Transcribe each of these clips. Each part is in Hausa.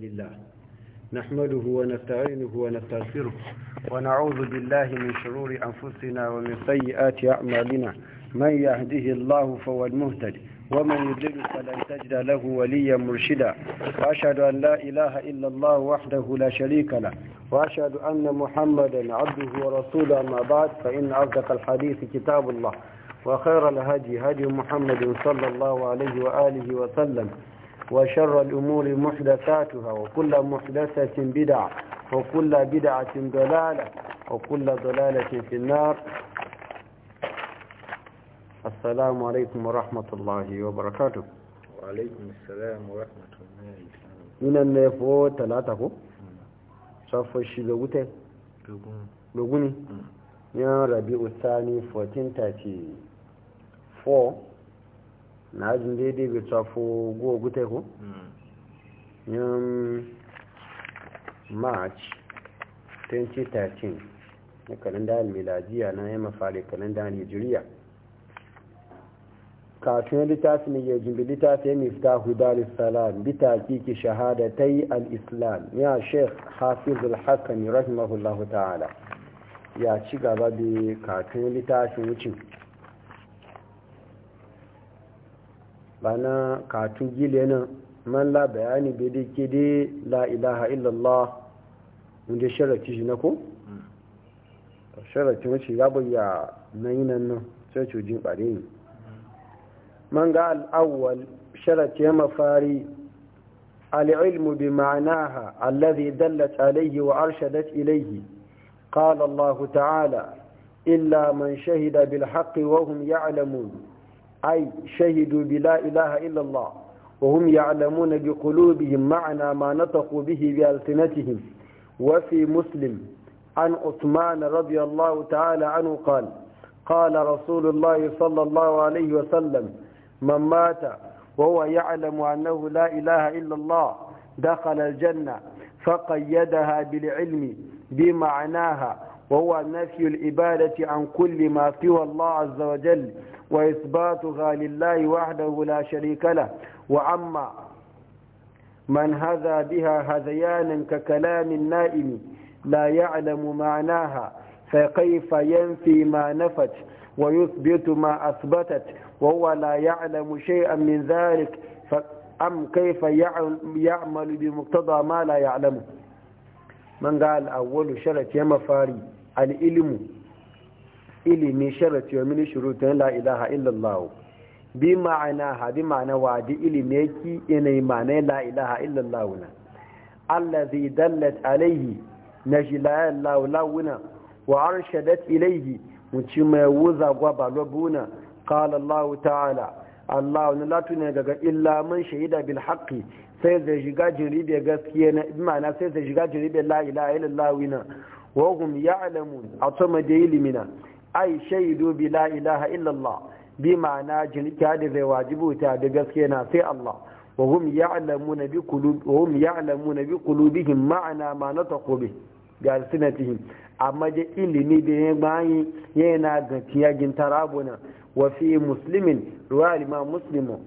لله نحمده ونستعينه ونستغفره ونعوذ بالله من شرور أنفسنا ومن سيئات أعمالنا من يهده الله فهو المهتد ومن يضلل فلن تجد له وليا مرشدا وأشهد أن لا إله إلا الله وحده لا شريك له وأشهد أن محمدا عبده ورسوله أما بعد فإن أصدق الحديث كتاب الله وخير الهدي هدي محمد صلى الله عليه وآله وسلم وشر الأمور محدثاتها وكل محدثة بدعة وكل بدعة ضلالة وكل ضلالة في النار السلام عليكم ورحمة الله وبركاته وعليكم السلام ورحمة الله من النفو ثلاثة صف الشيغوتة لغوني يا ربيع الثاني 1434 na ajin daidai bai tsafo gowa gutai ko? Hmm. yin march 2013 na kalendar miladiya na yamma fari kalendar nigeria kafin littafin ya jimbi littafin mifta hudar salam bita kiki yi al-islam ya sheikh hafiz al-hakami rahimahullahu ta'ala ya ci gaba da kafin littafin wucin bana katun gile nan man la bayani bai dai la ilaha illallah wanda sharafi shi na ko mm. sharafi wacce ya bayya nan yi nan nan sai cujin ɓare ne mm. man ga al'awwal sharafi ya mafari العلم بمعناها الذي دلت عليه وأرشدت إليه قال أي شهدوا بلا إله إلا الله وهم يعلمون بقلوبهم معنى ما نطقوا به بألسنتهم وفي مسلم عن عثمان رضي الله تعالى عنه قال قال رسول الله صلى الله عليه وسلم من مات وهو يعلم أنه لا إله إلا الله دخل الجنة فقيدها بالعلم بمعناها وهو نفي الإبادة عن كل ما سوى الله عز وجل وإثباتها لله وحده لا شريك له وعما من هذا بها هذيانا ككلام النائم لا يعلم معناها فكيف ينفي ما نفت ويثبت ما أثبتت وهو لا يعلم شيئا من ذلك أم كيف يعمل بمقتضى ما لا يعلمه من قال أول شرط يا مفاري العلم ilimi sharati wa mini shurutun la ilaha illallah bi ma'ana ha bi ma'ana wa di ilimi yake inai ma'ana la ilaha illallah na allazi dallat alaihi na shi la ilaha lawuna wa arshadat ilaihi ci mai wuza gwa ba lobuna qala allah ta'ala Allah wani latu ne daga illa man shahida bil haqqi sai zai shiga jiribe gaskiya na ma'ana sai zai shiga jiribe la ilaha illallah wina wa hum ya'lamun a tsoma da ilimina ai shaidu bi la ilaha illallah bi ma'ana jinkiya da zai wajibu ta da gaske na sai Allah wa hum ya'lamuna bi qulub wa hum ya'lamuna bi qulubihim ma'ana ma nataqu bi ga sinatihim amma je ilimi da ya bayi yana ga tiyagin tarabuna wa fi muslimin ruwa imam muslimu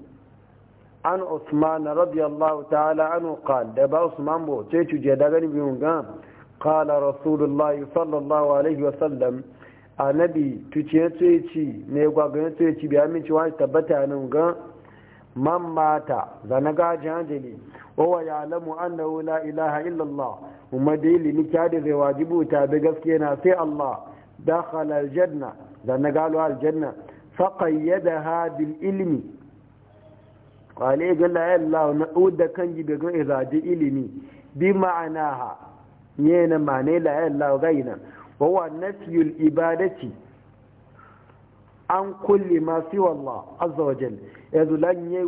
an usman radiyallahu ta'ala anhu qala da ba usman bo sai tuje da gani biyun ga qala rasulullahi sallallahu alaihi wa sallam annabi tuce ya tsoye ci ne gwagwa ya tsoye ci biya min cewa tabbata nan ga man mata zana gajin hanjali wawa ya alamu annahu wula ilaha illallah kuma da yi limita da zai wajibu ta bi gaske na sai allah dakhala aljanna zana galo aljanna ha bil ilimi, qale ga la ilaha na uda kan gibe ga izadi ilimi bi ma'anaha yana ma'anai la ilaha gaina wa nafiyul ibadati an kulle ma fi wallah azza wa jal yanzu lan ya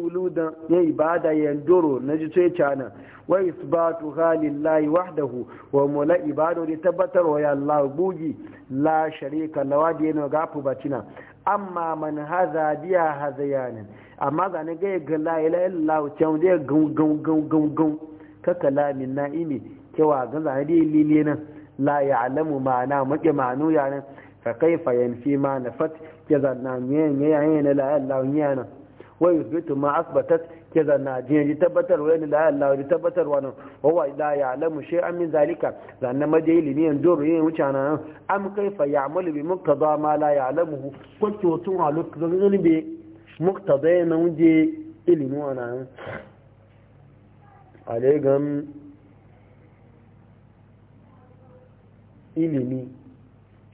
ya ibada ya ndoro na ji sai cana wa isbatu halillahi wahdahu wa mula ibadu da tabbatar wa ya Allah bugi la sharika lawa da yana gafu batina amma man haza biya hazayanin amma zane ga ya gala ila illa wucen da ya gungun gungun ka kalamin na'imi kewa ga zane da lile nan la ya'lamu ma'ana maƙe ma'anu yanan fa kaifa yanfi ma nafat kaza na miyan yayin na la Allah yana wa yuthbitu ma asbatat kaza na jin ji tabbatar wa la Allah ji tabbatar wa wa la ya'lamu shay'an min zalika zanna majili ne yan doro yin wuce nan am kaifa ya'malu bi muqtada ma la ya'lamuhu ko ki wato a lokacin be muqtada na wuje ilimin wannan alegam ilimi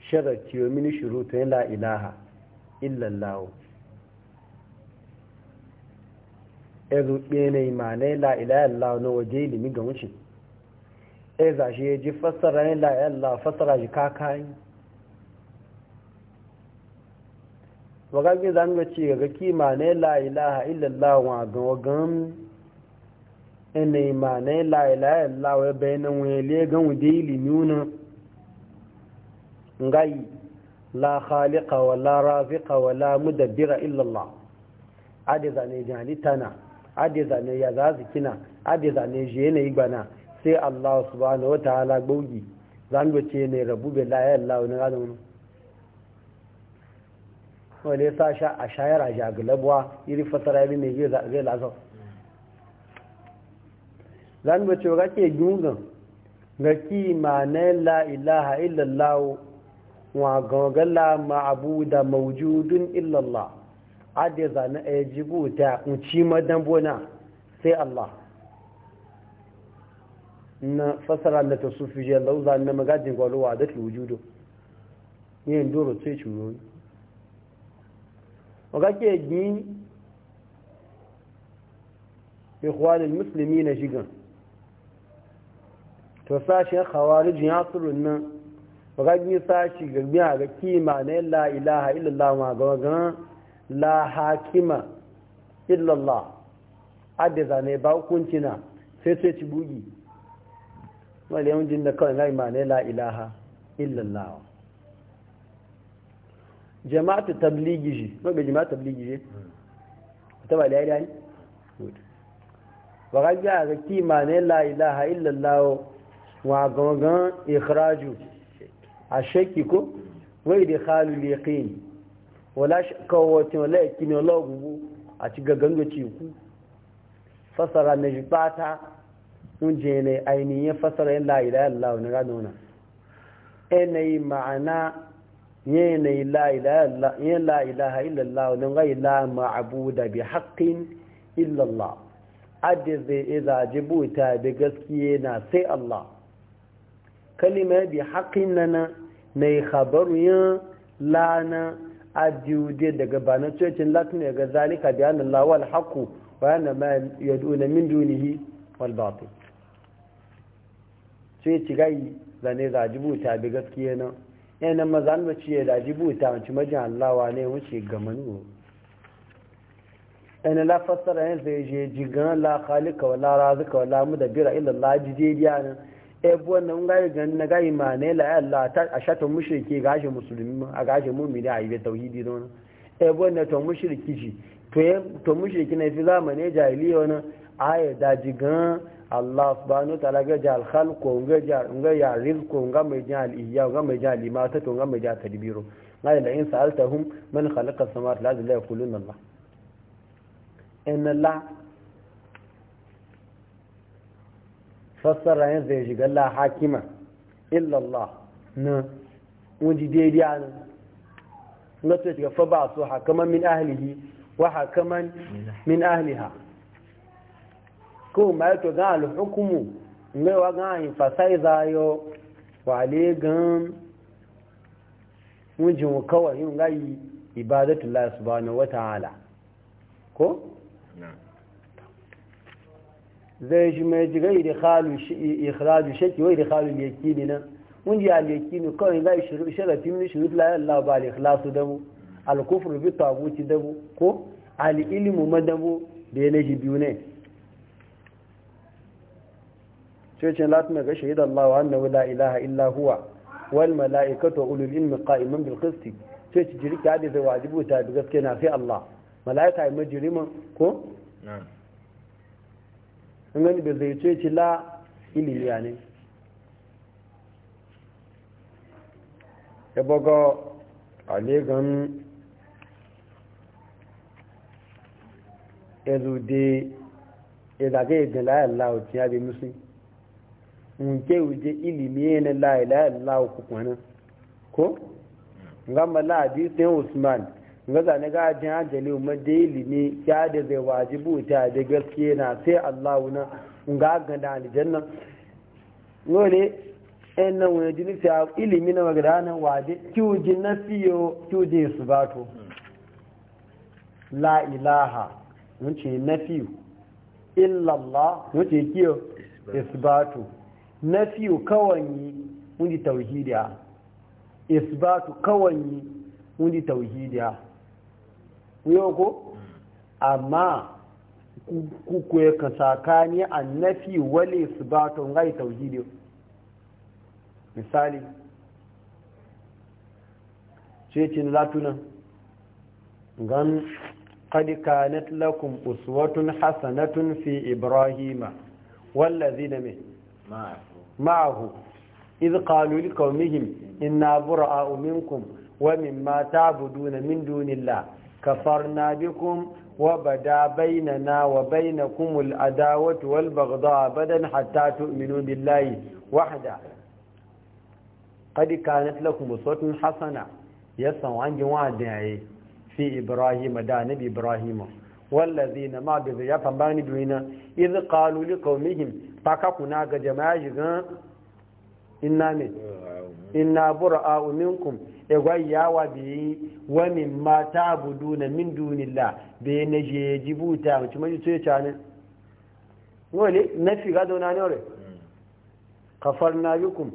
sharati wa mini shurutu la ilaha illallah ezu bene imane la ilaha illallah no waje ilimi ga wuce e za shi ji fassara la ilaha illallah fassara ji kakayi waga bi zan ga ci ga kima ne la ilaha illallah wa gan wagan ene imane la ilaha illallah wa bayanan wa le ilimi na ngai la khaliqa wa la raziqa wa la mudabbira illa Allah ade zane jani tana ade zane ya zazikina ade zane je ne igbana sai Allah subhanahu wa ta'ala gbogi zan ce ne rabu bi la ilaha illa Allah ne ga wale sa sha a shayara ja jagalabuwa iri fatara fasara yabi mai zai lasa zan ce ga ke gungun ga ki ma na la ilaha illa Allah wa gangala ma'abu da maujudun illallah adiza na a yi jibuta kunci madambona sai Allah na fasara da ta sufi je lauza na magajin gwalowa da ta wujudu yin doro sai curo waga ke yi ikwanin musulmi na jigan to sashen khawarijin yasirin nan rami sashi garbiya a ga kima na la ilaha illallah ma ga gan la hakima illallah adda ne ba hukuncina sai sai ci bugi wani yawon jin da kawai na na la ilaha illallah jama'atu tabligi shi mabe jama'atu tabligi shi ta ba da ya yi ba ga ga kima na la ilaha illallah wa gangan ikhraju àṣẹ́kì ko wai da khalu liqin wala shakawati wala yakini wala gugu a ci gaganga ci ku fasara na jibata mun je ne ainihin fasara yin la ilaha illallah ne gano na yi ma'ana yanayi la ilaha illallah ne ga ila da bi haqqin illallah adda zai iza jibuta da gaskiya na sai Allah kalimar bi haqqin nan na yi habaru yin lana ajiye daga bana cocin latin ya ga zalika da yanar lawal haku wa yana ma ya duna min dunihi wal batil sai ci gai zane za buta bi gaskiya nan yana mazan ba ya da buta wanci majin allawa ne wuce ga manu yana la fassara yanzu ya je jigan la khalika wala razika wala mudabbira illa allah jijiyar yanar ebo na ngai gan na gai ma ne la Allah ta ashatu mushriki gashi musulmi a gashi mu'mini a ibe tauhidi don ebo na to mushriki ji to to mushriki na fi zamane jahiliya wannan aya da jigan Allah subhanahu ta'ala ga ja al-khalqu ga ja ga ya rizqu ga mai ja al-ihya ga mai ja limata to ga mai ja tadbiru ngai la in sa'altahum man khalaqa samawati la yaquluna Allah inna Allah fassara yin zai shiga la hakima illallah na wajen daidai ne na ce shiga fa ba su hakaman min ahlihi wa hakaman min ahliha ko ma yato gan alhukumu ngaiwa gan yin fasai wa le gan wajen kawai yin gayi ibadatullahi subhanahu wa ta'ala ko zai shi mai khalu ikhraju shakki wai ikhraju yakini nan mun ji al yakini kawai zai shiru sharafi shi shuru la ilaha ba al ikhlasu da mu al kufru bi taguti da mu ko al ilmu madabu da ya naji biyu ne cece latin ga shahid Allah wa annahu la ilaha illa huwa wal malaikatu wa ulul ilmi qa'iman bil qisti cece jirki hadi zai wajibu ta da gaske na sai Allah malaika mai jiriman ko na'am ngani be zai ce ci la ilimi ya ne ya alegan ezude ezage idan la ti abi muslim nke uje ilimi ne la ilaha illa ku ko ngamba la hadithin usman gaza na gajin ajali umar daily ne ya da zai wajibu ta da gaske na sai allahu na ga gada aljanna dole yan nan wani jini sai ilimi na magana waje kyuji na fiyo kyuji su ba to la ilaha wuce na fiyo illallah wuce kiyo isbatu na fiyo kawanyi wuni tauhidiya isbatu kawanyi wuni tauhidiya yoko amma ku kuwa ka sakani annafi wale su ba tauhidi misali cecin latunan gan kadi kanat lakum uswatun hasanatun fi ibrahima wallazi na ma'ahu iz qalu li qaumihim inna bura'a minkum wa mimma ta'buduna min dunillahi كفرنا بكم وبدا بيننا وبينكم العداوة والبغضاء أبدا حتى تؤمنوا بالله وحده قد كانت لكم أسوة حسنة يسمع عن جواد في إبراهيم دا نبي إبراهيم والذين ما بذي فماني دوينا إذ قالوا لقومهم فككنا جماعة إنا من إنا براء منكم egwai yawa bi wani ma ta abudu na min dunilla be na je jibuta mace mai ce ta ne wani na fi gado na ne kafar na yukum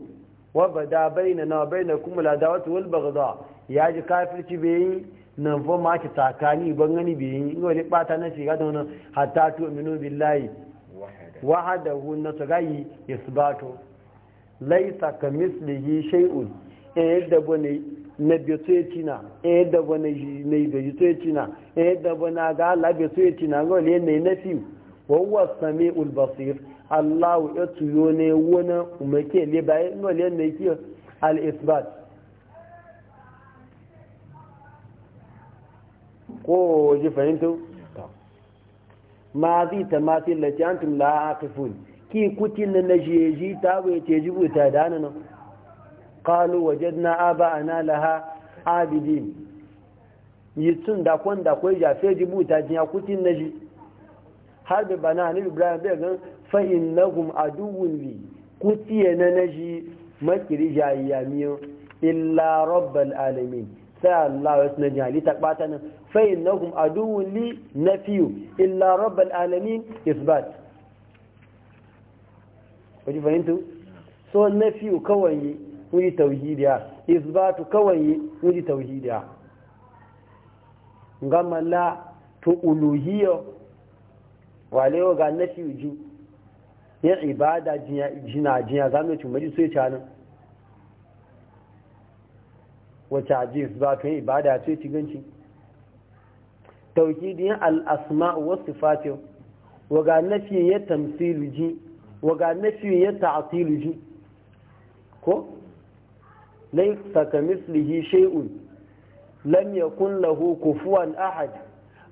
wa da baina na baina kuma wulba ga zuwa ya ji kafirci bi na fo ma ki takani ban gani bi wani bata na fi gado na hatta tu minu billahi wahadahu na tagayi isbatu laisa kamislihi shay'un eh da bane na eh, beto ya tina eh da bane ne da jito ya tina eh da bana ga Allah beto ya tina ga le ne na fi wa huwa samiul basir Allah ya tuyo ne wani umake le bai no le ne ki al isbat ko ji fahimtu ma zai tamasil lati antum la ki kutin na jeji ta bai te jibuta da nan qalu wajadna aba'ana laha abidin yitun da kon da koi ja feji ta jiya kutin naji har da bana ni ibrahim bai gan fa innahum aduwwun li kutiye na naji makiri jayyamiyo miyo illa rabbal alamin sai Allah ya sanar da halitta bata nan fa innahum aduwwun li nafiyu illa rabbal alamin isbat wajen fahimtu so nafiyu kawai wuji tauhidiya isbatu kawai wuji tauhidiya ngama la to uluhiyo wale ganna shi uju ya ibada jina jiya zamu ci mu sai ta nan wata ji isbatu ibada sai ci ganci tauhidiyan al asmau was sifatu wa ga nafi ya tamsilu ji wa nafi ya ta'tilu ji ko laisa saka mislihi shay'un lam yakun lahu kufuwan ahad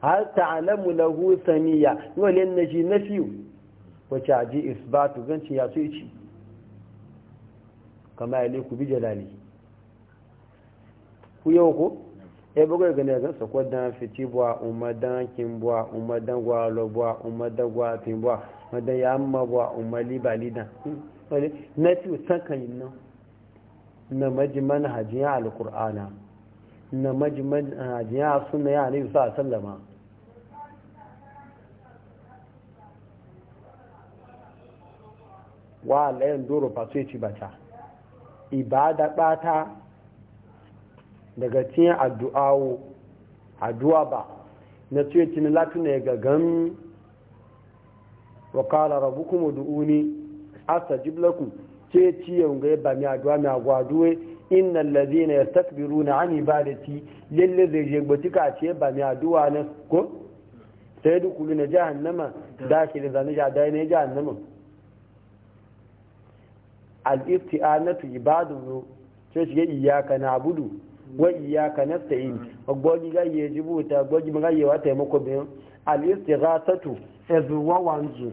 hal ta'lamu lahu samiya wala naji nafiyu wace aji isbatu ganci ya so ci kama ya ku bi jalali ku yau ko e eh, bugar gane ga ko dan fiti bwa umadan kin bwa umadan gwalo bwa umadan gwafin bwa madan yamma bwa umali balidan hmm, wale nafiyu sakan yin nan na majiman manhajiyar alkur'ana na majiman manhajiyar suna ya ne a sallama wa alayin doro faso ci bata ibada bata daga cin addu'awo addu'a ba na ce cin latin ya gagan wa kala rabu kuma du'uni astajib lakum sai ci yanga ba mi adwa mi agwaduwe innal ladina yastakbiruna an ibadati lalle zai je ka ce ba mi adwa na ko sai duk kullu jahannama da zan ja dai ne jahannama al ibtianatu ibadu ce shi na abudu wa iyyaka nasta'in gbogi ga yejibu ta gbogi ga yewa taimako bin al istighathatu ezuwa wanzu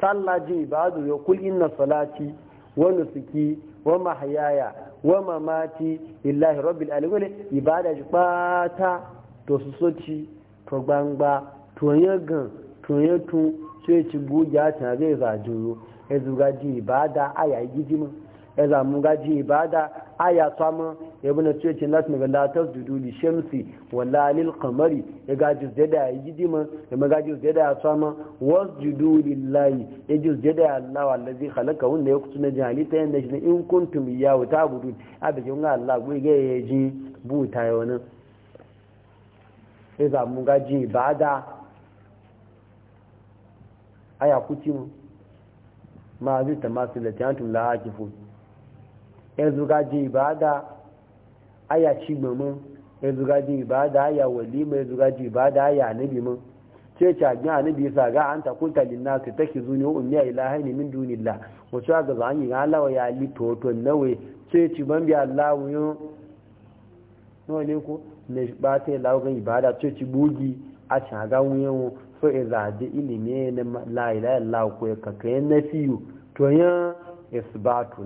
sallah ji ibadu ya kul inna salati wa nusuki wa mahayaya wa mamati lillahi rabbil alamin ibada ji pata to su soci to gbangba to gan to tun sai ci buja ta zai zajuro ya zuga ji ibada aya gidima ya zamu gaji ibada aya samun ya bi na cece nasu mai latas da duli shamsi wala lil kamari ya gaji zai da ya yi diman ya magaji zai da ya samun wasu judu lillahi ya e ji zai da ya allah wallazi halaka wanda ya kusa na jihali ta yadda shi na in kuntum ya wuta gudu a da kin allah gwai ga ya ji buta ya wani ya zamu gaji ibada aya kuci mu ma zai ta masu da tiyantum la hakifun yanzu gaji ibada aya cimamin yanzu gaji ibada aya walima yanzu gaji ibada aya anabi mun ce ce ajin anabi sa ga an takunta linnasi take zuni ummiya ilahi ne min dunillah wato ga zan yi halawa ya li toto nawe ce ci ban bi Allah wuyo no ne ko ne ba ta lawo ga ibada ce ci bugi a shaga wuyo so iza da ilimi ne la ilaha illallah ko ka kai nafiyu to yan isbatu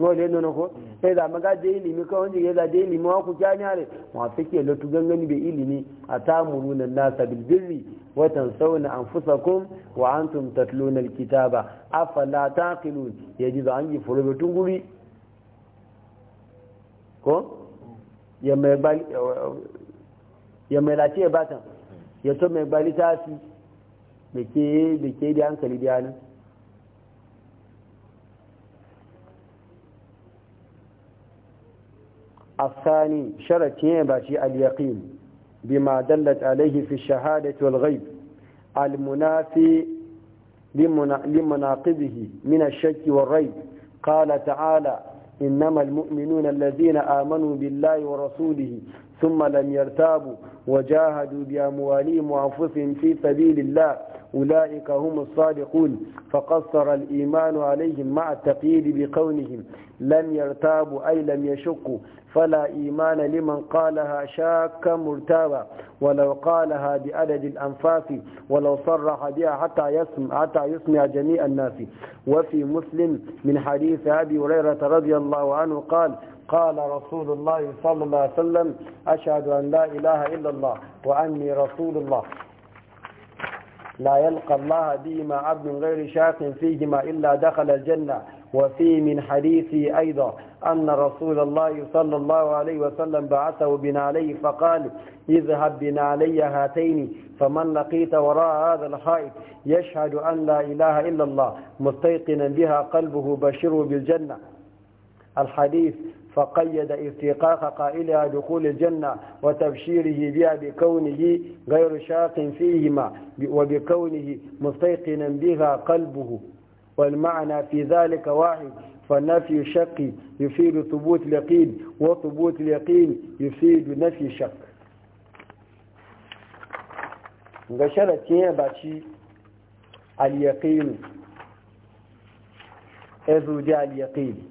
wale nono ko sai da maga da ilimi kawai wanda ya zaje ilimi wa ku kyani are ma fike lotu gangani bai ilimi a tamuruna nasa bil birri wa tansawna anfusakum wa antum tatluna alkitaba afala taqilun yaji da an yi furobe tunguri ko ya mai bali ya mai lati ya batan ya to mai bali tasi da ke da ke da hankali da nan الثاني شرط باشي اليقين بما دلت عليه في الشهادة والغيب المنافي لمناقبه من الشك والريب قال تعالى إنما المؤمنون الذين آمنوا بالله ورسوله ثم لم يرتابوا وجاهدوا بأموالهم وأنفسهم في سبيل الله أولئك هم الصادقون فقصر الإيمان عليهم مع التقييد بقولهم لم يرتابوا أي لم يشكوا فلا إيمان لمن قالها شاكا مرتابا ولو قالها بأدد الأنفاس ولو صرح بها حتى يسمع, حتى يسمع جميع الناس وفي مسلم من حديث أبي هريرة رضي الله عنه قال قال رسول الله صلى الله عليه وسلم أشهد أن لا إله إلا الله وأني رسول الله لا يلقى الله بهما عبد غير شاق فيهما إلا دخل الجنة وفي من حديثه أيضا أن رسول الله صلى الله عليه وسلم بعثه بنا عليه فقال اذهب بنا علي هاتين فمن لقيت وراء هذا الحائط يشهد أن لا إله إلا الله مستيقنا بها قلبه بشره بالجنة الحديث فقيد استيقاق قائلها دخول الجنة وتبشيره بها بكونه غير شاق فيهما وبكونه مستيقنا بها قلبه والمعنى في ذلك واحد فنفي الشك يفيد ثبوت اليقين وثبوت اليقين يفيد نفي الشك غشرت يا باشي اليقين اذو جاء اليقين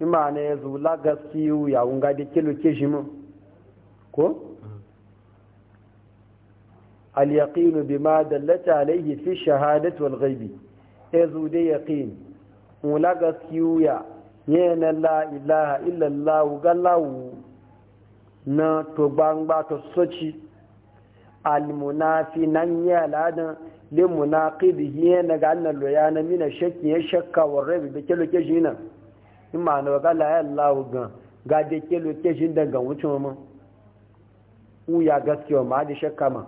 ima na ya zula ya wunga da kilo ke shi ko al-yaqinu bima dallata alayhi fi shahadati wal ghaibi e ya zu da yaqin wula gaskiyu ya yana la ilaha illa allah na to gbangba to soci al-munafi nan ya ladan limunaqidihi yana ga annal loyana mina shakki ya shakka wa rabi da kilo ke shi nan in ma na waka la Allah gan ga de ke ke shin daga wucin mu u ya gaskiya ma da shakka ma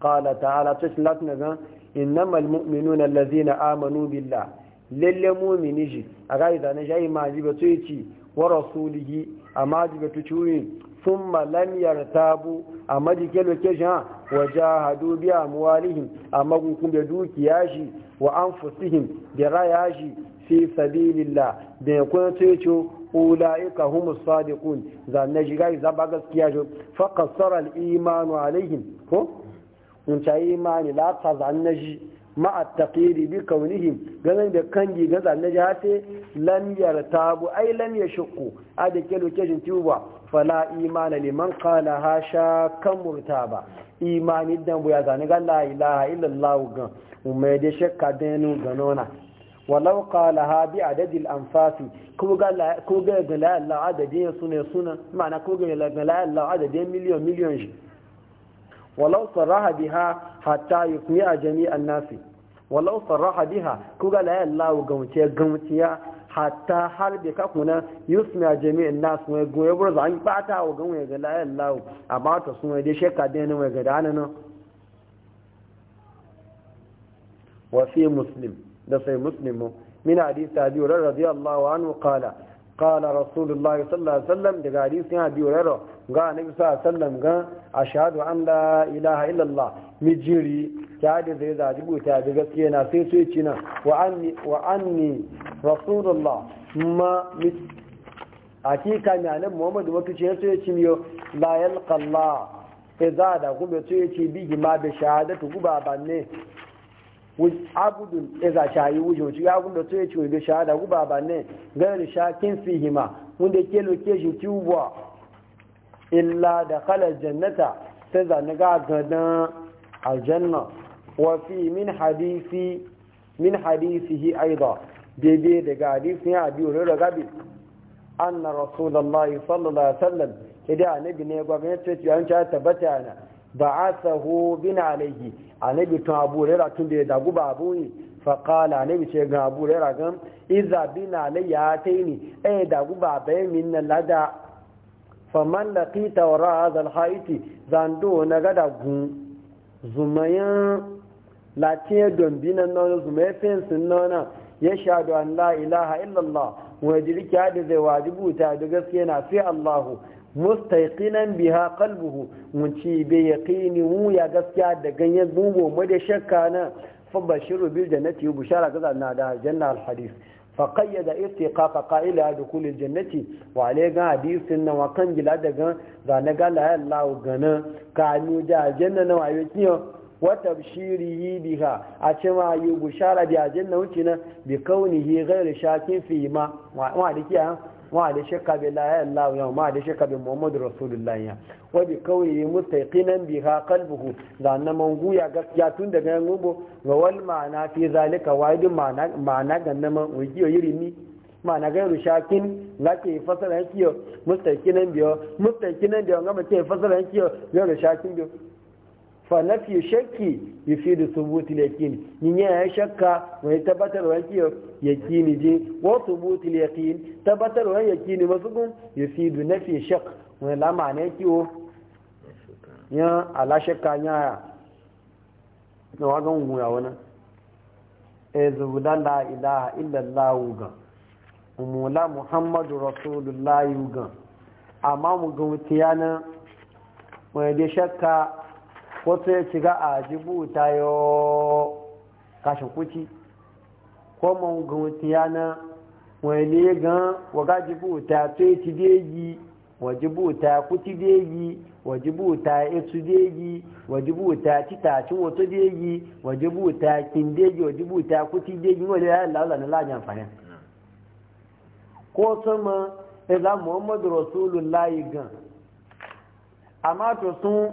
qala ta'ala taslat na ga innamal mu'minuna allazina amanu billah lalle mu'mini ji aga ga na jayi ma ji ba tuci wa rasulihi amma ji ba tuyi thumma lam yartabu amma ji ke location wa jahadu bi amwalihim amma kun da dukiya shi wa anfusihim bi rayaji fi sabilillah da ya kuna to ulaika humus sadiqun na shiga yi zaba gaskiya shi fa qassara al alaihim ko in ta imani la ta za na shi at taqiri bi kaunihim ganin da kangi ga shi ji hate lam bu ai lam shukku a da ke lokacin tuba fala imana liman ha sha kan ba imani dan buya zanne ga la ilaha illallah gan umma da shakka denu ganona walau qalaha bi adadil anfasi ko ga ko ga la la adadin ya suna ma'ana ko ga la la adadin miliyon miliyon shi walau ha biha hatta yusmi a jami'an nasi walau saraha ha ko ga la la gauce gauciya hatta har bi ka kuna suna a jami'an nasi wai goye burza an bata wa gan wai ga la la amma to sun wai dai shekka dai ne wai ga dana nan wa muslim da sai muslimu min hadisi abi hurairah radiyallahu anhu qala qala rasulullahi sallallahu alaihi wasallam daga hadisin abi hurairah ga annabi sallallahu alaihi wasallam ga ashhadu an la ilaha illallah mijiri ya da zai za zaji buta da gaskiya na sai sai cina wa anni wa anni rasulullah ma hakika mai anan muhammadu wata ce yaso ya ci miyo la yalqalla idza da kuma yaso ci bi ma bi shahadatu guba banne abudun iza shayi wujo ya abun da tsoye ciwo sha shahada guba ba ne gani shakin fihima wanda ke loke shi tubuwa illa da kalar jannata sai zane ga gadan aljanna wa fi min hadisi min hadisihi aida daidai daga hadisi ya biyu da gabi anna rasulullahi sallallahu alaihi wasallam idan annabi ne gwagwani tsoye ciwo an ta tabbata na ba'athahu bin alayhi anabi tun abu rera tun da ya dagu ba abu ne faƙala annabi ce ga abu rera gan iza bina na ya ta yi ne ɗaya dagu ba bayan min na lada faman da kita wa ra'a zal haiti zando na gada gun zumayen latin don bina nan nan zumayen fensin nan ya shaɗu an la ilaha illallah wani jirki hadi zai wajibu ta da gaske na sai allahu mustaiqinan biha qalbuhu mun ci be yaqini mu ya gaskiya da ganyen zubo mu da shakka na fa bashiru bil jannati bushara ga na da janna al hadith fa qayyada istiqaqa qa'ila dukul al jannati wa ga hadithin na wa kan gila daga ga na ga la Allah gana ka ni da janna na wayo kiyo wa yi biha a ce ma yi bushara da janna wuce na bi hi ghairu shakin fi ma wa wa da shakka bi la ilaha illa ma da shakka bi muhammadu rasulullahi ya wa bi qawli mustaqinan ha qalbuhu da nan mangu ya gaskiya tun daga yan gubo wa wal ma'ana fi zalika wa idin ma'ana ga nan man wiyo yirimi ma'ana ga rushakin la ke fasara yakiyo mustaqinan biyo mustaqinan biyo ga mace fasara yakiyo ya rushakin biyo fa yi shakki yufidu lakini. lakin yin ya shakka wani tabbatar wa yakiyo yakini je wa thubutul yaqin tabbatar wa yakini mazugun yufidu nafi shak Wani la ma'ana kiwo ya ala shakka nya na wagan guya wannan e zubuda la ilaha illa allah ga umula muhammadu rasulullahi ga amma mu ga wutiya na wani da shakka wata ya shiga a jibuta yau kashin kuci ko man gutiya na wani gan waga jibuta to ti deji wajibuta kuti deji wajibuta etu deji wajibuta tita ti woto deji wajibuta kin deji wajibuta kuti deji wani ya laula na lajan amfani ko sama ila muhammadu rasulullahi gan amma to sun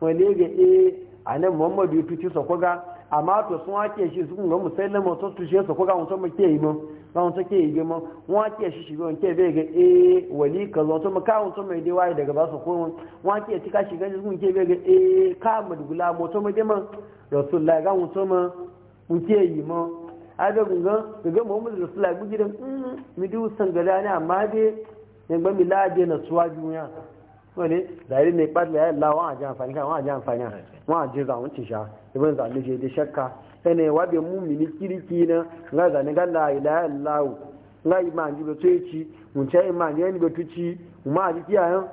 wani ga e eh, anan muhammadu ya fiti sokoga amma to sun wake shi sun ga musallama to su shi su kuga mutum mu ke yi mun ga mutum ke yi mun wake shi shi gon ke bai ga eh wali ka zo to maka mutum mai dai daga ba su kun wake ti ka shiga sun ke bai ga eh ka mu dugula mutum mai dai man rasulullahi ga mutum mu ke yi mun da gunga ga muhammadu rasulullahi gujiran mi mm, du sangada ne amma dai ne ba mi lade na suwa duniya wani zari ne ɓat da ya la wa aji amfani kan wa aji amfani wa aji zaun ci sha ibn zalu je da shakka ene wa be mu mini kiriki na ga zani ga la ilaha illallah la iman ji be tuci mun ce yi ne ni be tuci ma ji kiyayen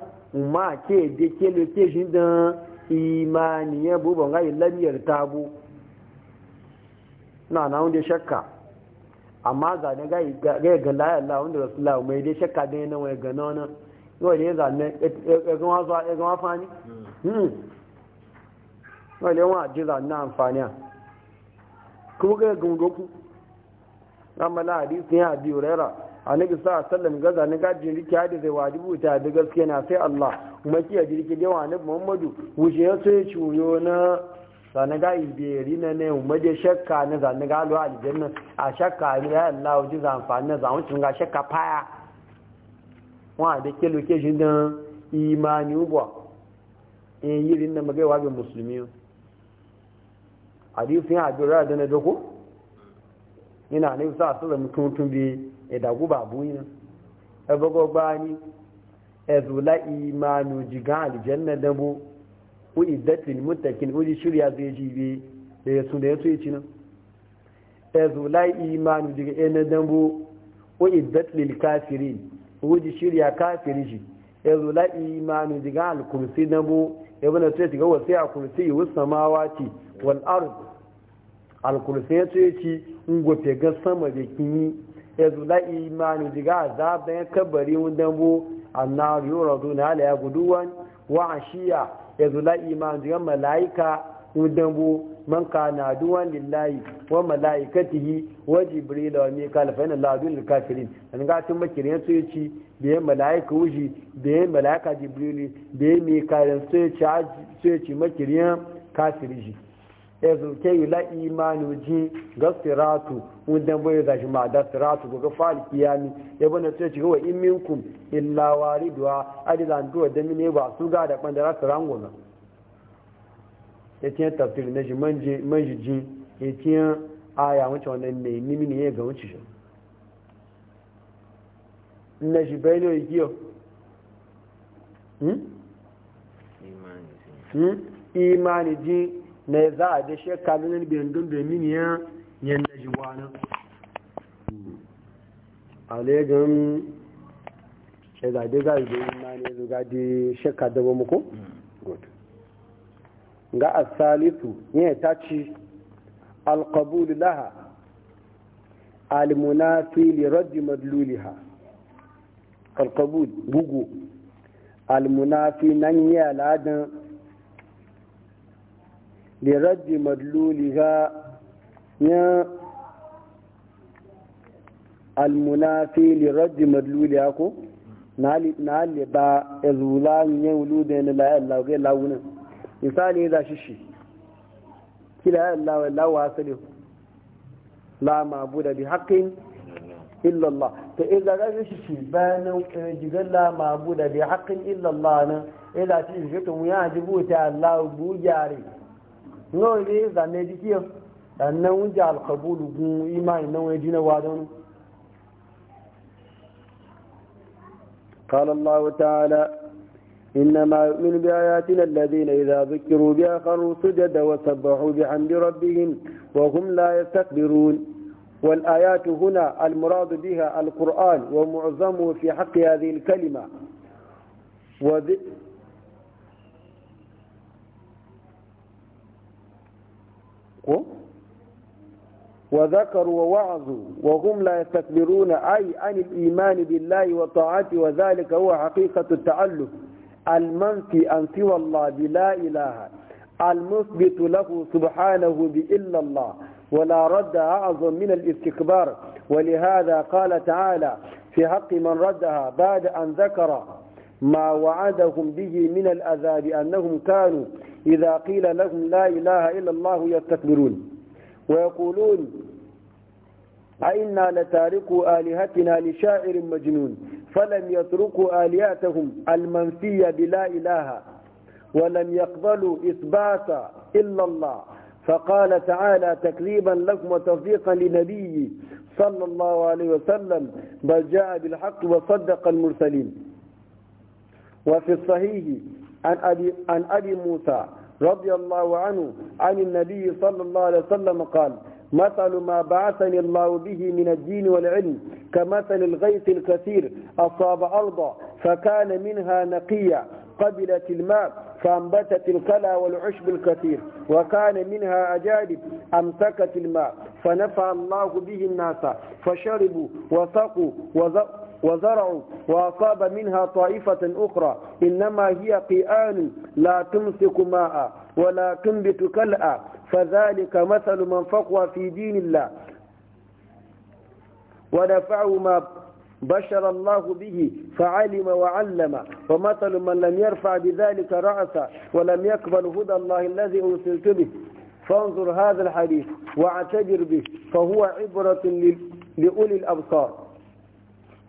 ma ke de ke le ke shi dan imani ya bu ban ga lamiyar tabu na na wanda shakka amma zane ga ga la ilaha illallah wanda rasulullahi mai shakka dai na ga wọ́n lè zànẹ́ ẹgbẹ́ wọn sọ ẹgbẹ́ wọn fani hmm. wọ́n lè wọ́n àjí zànẹ́ àǹfààní à kuma ga gungoku ramala hadisi ya abi huraira annabi sa sallam ga zanin gajin riki hadi zai wajibu ta da gaskiya na sai Allah kuma kiya jirki da wani Muhammadu wuce ya sai ciyo na zanin ga iberi na ne umma da shakka na zanin ga aljanna a shakka ila Allah wuce zamfani na zamucin ga shakka faya wọn da ke lokeji don imani ubuwa in yi rinna magaiwa ga musulmi hadisin abdurra da na dako ina ne sa su da mutum tun bi ya dagu babu yi ebogo gbani ezula imanu jigan aljanna dabo ku iddatin mutakin uji shirya zai jibe da ya sun da ya imanu na dabo wuji shirya kafiri shi ya zula imanu diga alkursi na bu ya bane sai shiga wasu a kursi wasu samawa ce wal arz alkursi ya ce ci ngofe ga sama da kini ya zula imanu diga ya kabari dan bu annar yura zuna ala ya guduwan wa ashiya ya zula imanu diga malaika dambu man kana duwan lillahi wa malaikatihi wa jibril wa mikael fa inna allaha dul kafirin an ga tun makirin su yaci biye malaika wuji biye malaika jibril da ya mikael su yaci su yaci makirin kafiriji ezu ke yi la imanu ji ga siratu dan boye ga shi ma da siratu ga fal kiyami ya bana ce ci wa in minkum illa waridwa adilan duwa da mine ba su ga da bandara sarangona ya tiyan tafsir na shi manji ya tiyan aya wancan wanda ne nimi ne ya ga wancan shi na shi yau hmm? hmm? imani ji na za a da shi, na biyan don nimi ya shi wani alegan imani ya zo ga muku? ga asalisu ya ta ci alƙabulu laha almunafi li raddi madluliha alƙabul bugu fi nan yi aladin li raddi madluliha ya almunafi fili raddi madluliha ko na liba ezula yin wulu da yana la'ayyar lauge launin misali ya zashi shi kila ya lawa wa Allah wa ma la ma'budu bi haƙin illallah ta to idza shi shi bayan eh, jigar la ma ma'budu bi haƙin illallah nan ya eh, zashi shi shi to mu ya jibuta Allah bu jare no ne zane jikiyar dan nan wunja al-qabul gun imani nan jina wa don قال الله تعالى إنما يؤمن بآياتنا الذين إذا ذكروا بها خروا سجدا وسبحوا بحمد ربهم وهم لا يستكبرون والآيات هنا المراد بها القرآن ومعظمه في حق هذه الكلمة وذ... وذكروا ووعظوا وهم لا يستكبرون أي عن الإيمان بالله وطاعته وذلك هو حقيقة التعلق المنفي أن سوى الله بلا إله المثبت له سبحانه بإلا الله ولا رد أعظم من الاستكبار ولهذا قال تعالى في حق من ردها بعد أن ذكر ما وعدهم به من الأذاب أنهم كانوا إذا قيل لهم لا إله إلا الله يستكبرون ويقولون أئنا لتاركوا آلهتنا لشاعر مجنون فلم يتركوا آلياتهم المنفية بلا إله ولم يقبلوا إثبات إلا الله فقال تعالى تكذيبا لكم وتصديقا لنبيه صلى الله عليه وسلم بل جاء بالحق وصدق المرسلين وفي الصحيح عن أبي, عن أبي موسى رضي الله عنه عن النبي صلى الله عليه وسلم قال مثل ما بعثني الله به من الدين والعلم كمثل الغيث الكثير أصاب أرضا فكان منها نقيا قبلت الماء فأنبتت الكلى والعشب الكثير وكان منها أجالب أمسكت الماء فنفع الله به الناس فشربوا وسقوا وزرعوا وأصاب منها طائفة أخرى إنما هي قيآن لا تمسك ماء ولا تنبت كلأ فذلك مثل من فقوى في دين الله ونفعه ما بشر الله به فعلم وعلم ومثل من لم يرفع بذلك رأسه ولم يقبل هدى الله الذي أرسلت به فانظر هذا الحديث واعتبر به فهو عبرة لأولي الأبصار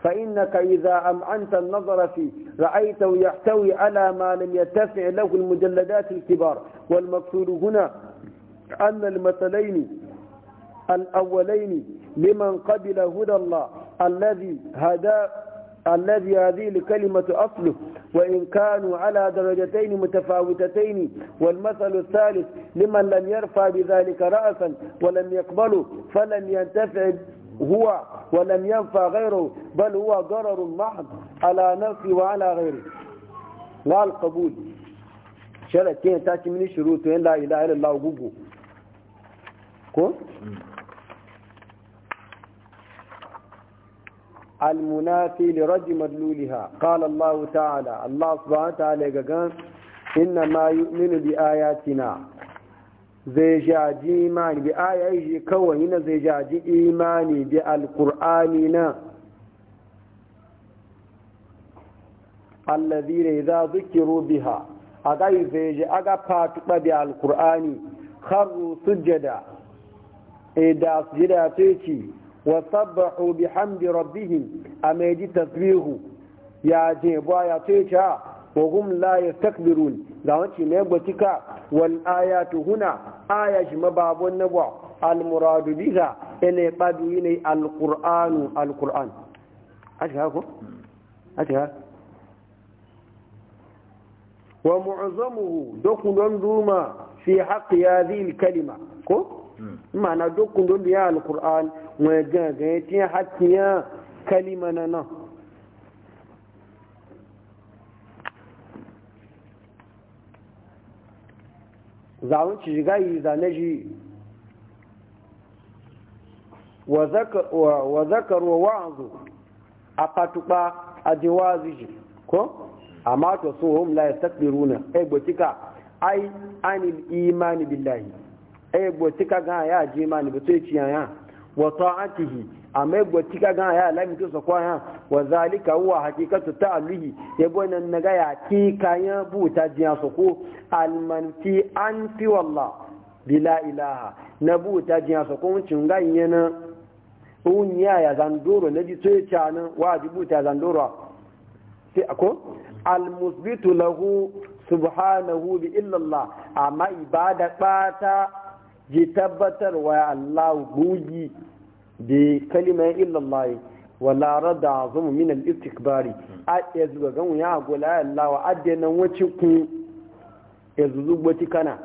فإنك إذا أمعنت النظر فيه رأيته يحتوي على ما لم يتسع له المجلدات الكبار والمقصود هنا أن المثلين الأولين لمن قبل هدى الله الذي هدى الذي هذه الكلمة أصله وإن كانوا على درجتين متفاوتتين والمثل الثالث لمن لم يرفع بذلك رأسا ولم يقبله فلم ينتفع هو ولم ينفع غيره بل هو ضرر محض على نفسه وعلى غيره لا القبول شرط كين تاتي من الشروط لا إله إلا الله وقبه ko almunafi li rajji madluliha qala allahu ta'ala allah subhanahu wa ta'ala gaga inna ma yu'minu bi ayatina zai jaji imani bi ayayi shi kawai yana zai jaji imani bi alqur'ani na allazi ne rubi ha? A aga yi zai ji aga fatuɓa bi Har kharu sujjada da su ji da ce ci wa sabbahu bi hamdi rabbihim a mai tasbihu ya je ba ya ce ci wa hum la yastakbirun da wace aya shi mababon nabwa al muradu biha ene badu ne al qur'anu wa mu'azzamuhu dokun duma fi haqqi hadhihi al kalima ma'ana mm. dukkan don biya alkur'an mai gangan ya tiya hakkiya kalima na nan zaun ci shiga yi zane shi wa zakarwa wa'azu a fatuɓa a jiwazi shi ko a mato so hum la yastakbiruna ai gbotika ai anil imani billahi ai gbotika ga ya ji ma ni butai ciya ya wa ta'atihi amma gbotika ga ya la mi to so kwa ya wa zalika huwa haqiqatu ta'alluhi ya bonan naga ya ki kaya buta jiya so ko almanti an fi wallah bila ilaha na buta jiya so ko mun yana a ya zandoro na ji to ya na wa ji buta zandoro sai ako almusbitu lahu subhanahu bi illallah amma ibada bata tabbatar wa Allah gugi da kalimar illallah wa rada azumu min al-istikbari a ya zuga gan ya gola Allah wa adena wace ku ya zuzuba kana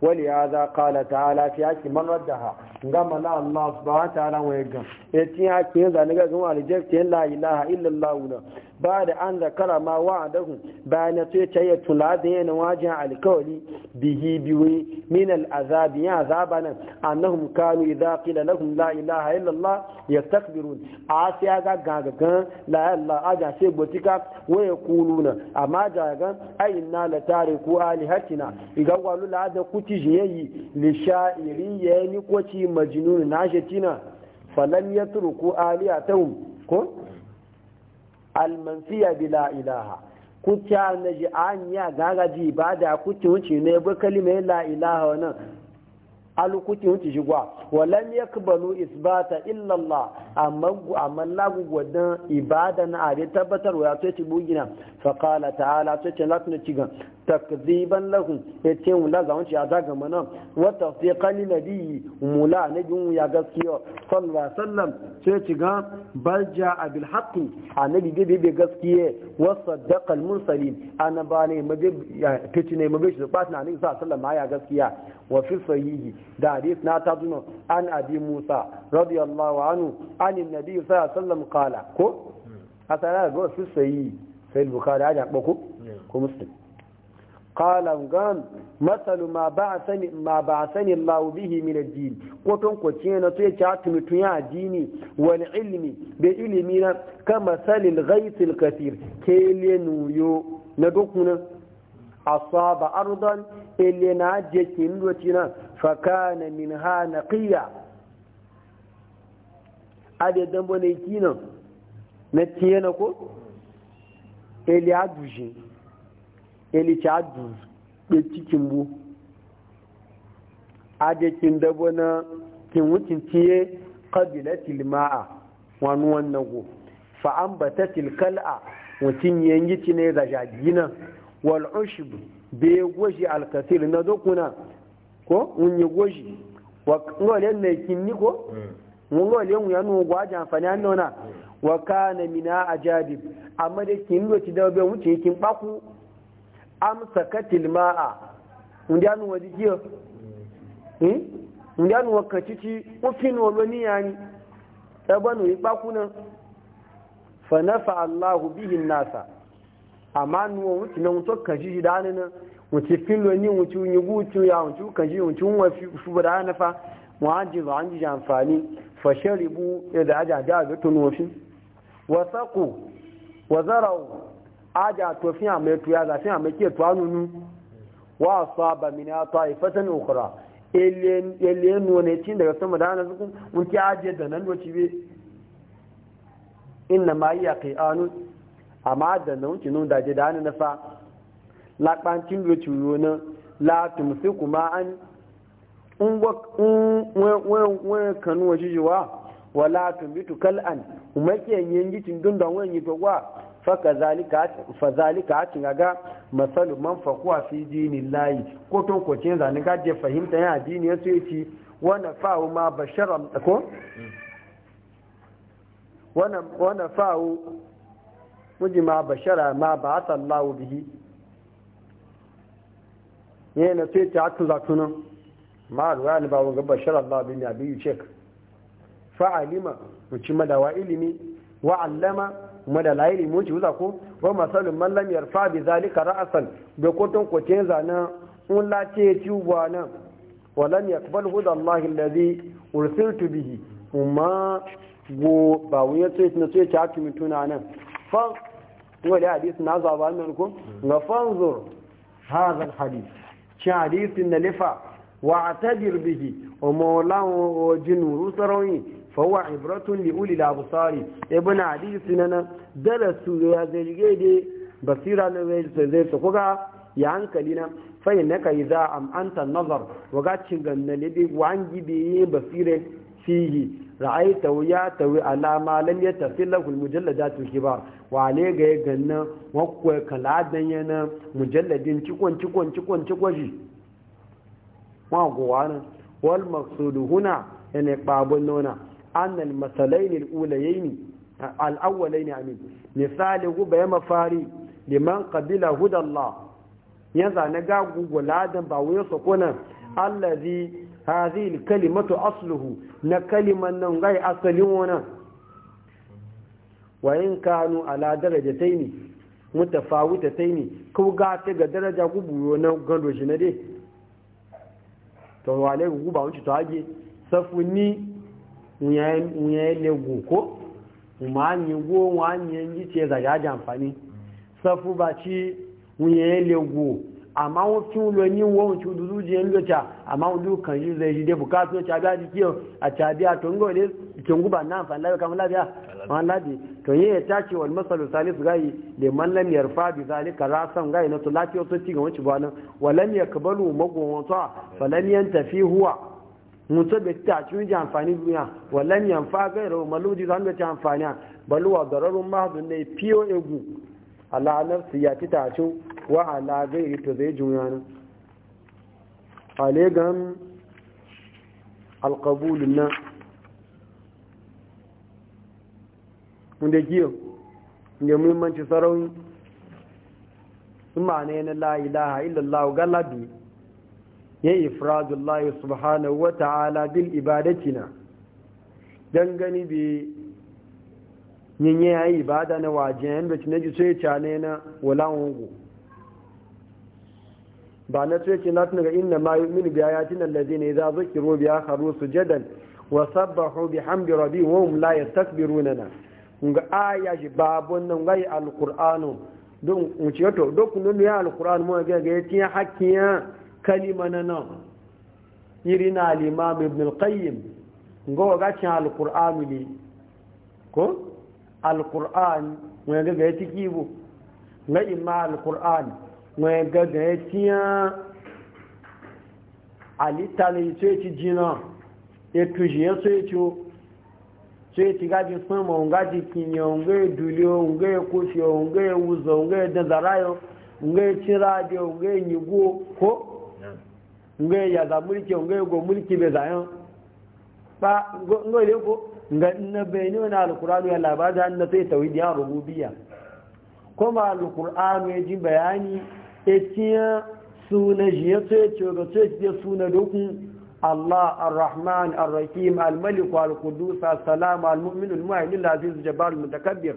Wani ya za kala ta'ala fi haki man raddaha gama la Allah subhanahu wa ta'ala wa yagan ya ci haki ya zaniga gan wa reject la ilaha illallah ba da an zakara ma dahu bayan ya ce ta yi tula da yana wajen alkawali bihi biwi min al'azabi ya zaba nan annahum kanu idza qila lahum la ilaha illallah yastakbirun a sai ya ga gagagan la ilaha a sai botika wa yaquluna amma jagan ai inna la tariku alihatina iga walu la da kuti jeyi li sha'iri yani ko ci majnun na shetina falam yatruku aliyatahum ko bi bila ilaha ta na ji an ya gagaji ba da kuke wuce ne ba kalimar la ilaha wannan alukuti wuce shi gwa walam ya kubalu isbata illallah amma lagu gwadon ibada na abin tabbatar wa ya ce ci bugina qala ta'ala ce ce latin cigan takziban lahu ya ce mu la zamanci ya zaga mana wa tawfiqan li nabiyyi mula nabiyyin ya gaskiya sallallahu alaihi wasallam sai ci ga bal ja'a bil haqqi annabi bi bi gaskiya wa saddaqa al mursalin annaba ne mabe tace ne mabe shi ba na annabi sallallahu alaihi wasallam ya gaskiya wa fi sahihi da hadith na ta duno an abi musa radiyallahu anhu an annabi sallallahu alaihi wasallam qala ko asara go fi sahihi sai bukhari ya ba ko ko muslim kalan gan masalu ma ba sani ma ba sani Allah bihi min ad ko ton ko na to ya ta mutun ya dini wal ilmi bi na kama salil ghayth al-kathir ke le nuyo na dokuna asaba ardan ile na je kin rotina fa kana minha naqiya ade dambo ne kinan na tiyana ko ile adushi eli ci adu ah, ɗe cikin bu adekin ah, dabo na kin wucin ciye kabila tilma'a wani wannan go fa'an ba ta tilkal'a mutum yanyi ci ne da jajina wal ushb be goshi alkasir na dokuna ko yi goshi wa ngole ne ni ko hmm. ngole mu yanu gwaja amfani annona hmm. wa kana mina ajadib amma da kin ci da be wuce kin baku Amsa katil ma'a ndi anu wadi hmm ndi anu wakatiti ufin waloni yani tabanu ipakuna fa nafa Allahu bihi nasa amma nu wuti na to kaji dana na wuti filo ni wuti unyugu ti ya wuti kaji wuti unwa fubara fu da fa wa ji ba an ji amfani fa sharibu idza aja da ga tunu Wa wasaqu wa zarau aja to fi ame to ya ga fi amma ke to anunu wa asaba min ta'ifatan ukhra elen elen wone tin daga sama da ana zukun mun ki aje da nan wace be inna ma ya anu? amma da nan ki nun da je da ana nafa la pancin lo ci na la tumsi kuma an in wa wen Wa kanu wajiwa wala tumbitu kal'an umake yanyin gitin dun da wen yi to wa fazalika a cin aga masalu man fakuwa fi dini layi ko tun kwacin zanen gajiyar fahimta yana dini ya su yaci wanda fa'u ma bashara ko? wanda fa'u wuji ma bashara ma ba a sallawo bihi yana su ci a tuzatunan ma a ruwa ni ba wanga bashara ba bin ya biyu cek fa'alima mu da wa ilimi wa'allama kuma da layi mun ci wuza ko wa masalun mallam ya rufa bi zalika ra'asan bai kotun ko ce zana un la ya ci nan. wa lam yaqbal huda Allah alladhi ursir bihi kuma go ba wuya tsoye na tsoye ta tumi nan fan wani hadisi na zaba nan ko fan zur hazan hadisi ci hadisi na lifa wa atadir bihi wa mawlan wa jinu fawa ibratun li ulil absari ibn hadisi nan darasu ya zai de basira na zai zai su kuga ya hankali na fa innaka idza am anta nazar wa ga cinganna ne bi wangi bi basire fihi ra'aita ya tawi alama lam yattasil lahu almujalladat alkibar wa ne ga ya ganna wakwa kala dan yana mujalladin cikon cikon cikon cikon nan wal Anan masalain al'ulayain al'awwalain amin misali guba ya mafari liman kabila hudallah ya zane ga guguladan ba wai sokona allazi kalimatu asluhu na kaliman nan gai asalin wannan wa in kanu ala ta ga daraja gubuyo na gando shi na dai to wale guba wanci to haje safuni wunyayen lego ko ma yi go wa yi ce zaga ajiyar amfani safu ba ci wunyayen lego amma wọn fi wulo ni wọn ci dudu jiyan lota amma wọn duk kan yi zai jide bukatu ya cabi a jiki a cabi a ngo ne cikin na amfani labi kama labiya wani labi to yi ya tace wani masalu salisu gayi da man lam yarfa bi zalika rasan gayi na to lafiya to ti ga wani ci ba nan wa lam yakbalu magwamata fa lam yantafi huwa mutum bai ta cikin ji amfani duniya wallan yamfa gairo maluji zan da ci amfani baluwa gararun mahadun ne fiyo egu ala nafsi ya ci ta ci wa ala gairi ta zai juna nan alegan alkabulun na inda giyo inda muhimmanci sarauni su ma'ana ne na ha'ilallahu galabi ya ifradullahi subhanahu wa ta'ala bil ibadatina dangane bi yin ya yi ibada na wajen da ci na ji sai cane na wala wungu ba na sai ce latin ga inna ma yu'minu bi ayatina allazina idza zukiru bi akharu sujadan wa sabbahu bihamdi rabi. wa hum la yastakbiruna nga aya ji babun nan ga alqur'anu don mu ci to dokunan ya alqur'an mu ga ga tiya hakkiya kalima na nan iri na al'imam ibn al-qayyim ga wagacin al-qur'an ne ku? al-qur'an wani gaga ya ciki bu na imma al-qur'an wani gaga ya ciya alita ne so ya ci jina ya e tuji ya so ya ci so ya ci gaji sama ngaji kinye ngayi e duliyo ngayi e kushe ngayi wuzo ngayi danzarayo ngayi cin radio ngayi nyigbo ko ngoye ya za mulki nga ya go mulki be yan ba ngoye le ko nga na be ni na alqur'ani ya da an sai tauhidi ya rububiyya kuma alqur'ani ya ji bayani etiya suna jiyato ya ce ga ce ya suna dukun Allah ar-Rahman ar-Rahim al-Malik al-Qudus as-Salam al-Mu'min al-Mu'min al-Aziz al-Jabbar al-Mutakabbir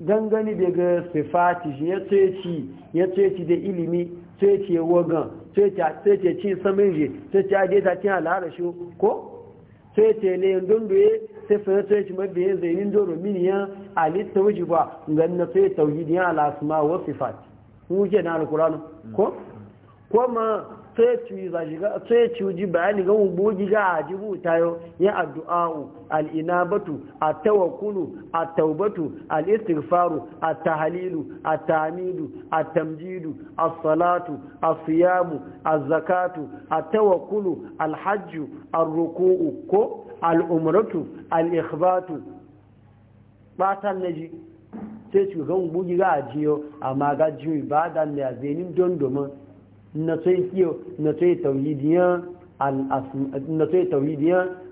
gangani daga sifati ya ce ci ya ce ci da ilimi ce ce wagan sai ce ci samun ji sai ce aje ta cin al'ada shi ko sai ce ne dunduye sai sai ce ci yin zainin doro miniyan alitta wuji ba na sai tauhidiyan al'asma wasu fati mu ke na alkur'ani ko ma. sai cuji bayani ga ubogi ga ajibu tayo ya addu'a'u al'inabatu a tawakulu a taubatu al'istighfaru a tahalilu a tamidu a tamjidu a salatu a siyamu a zakatu a tawakulu alhajju a ruku'u ko al'umratu al'ikhbatu batan naji sai cugan ubogi ga ajiyo amma ga jiwi ba da ne a zenin don domin na sai kiyo tauhidiyan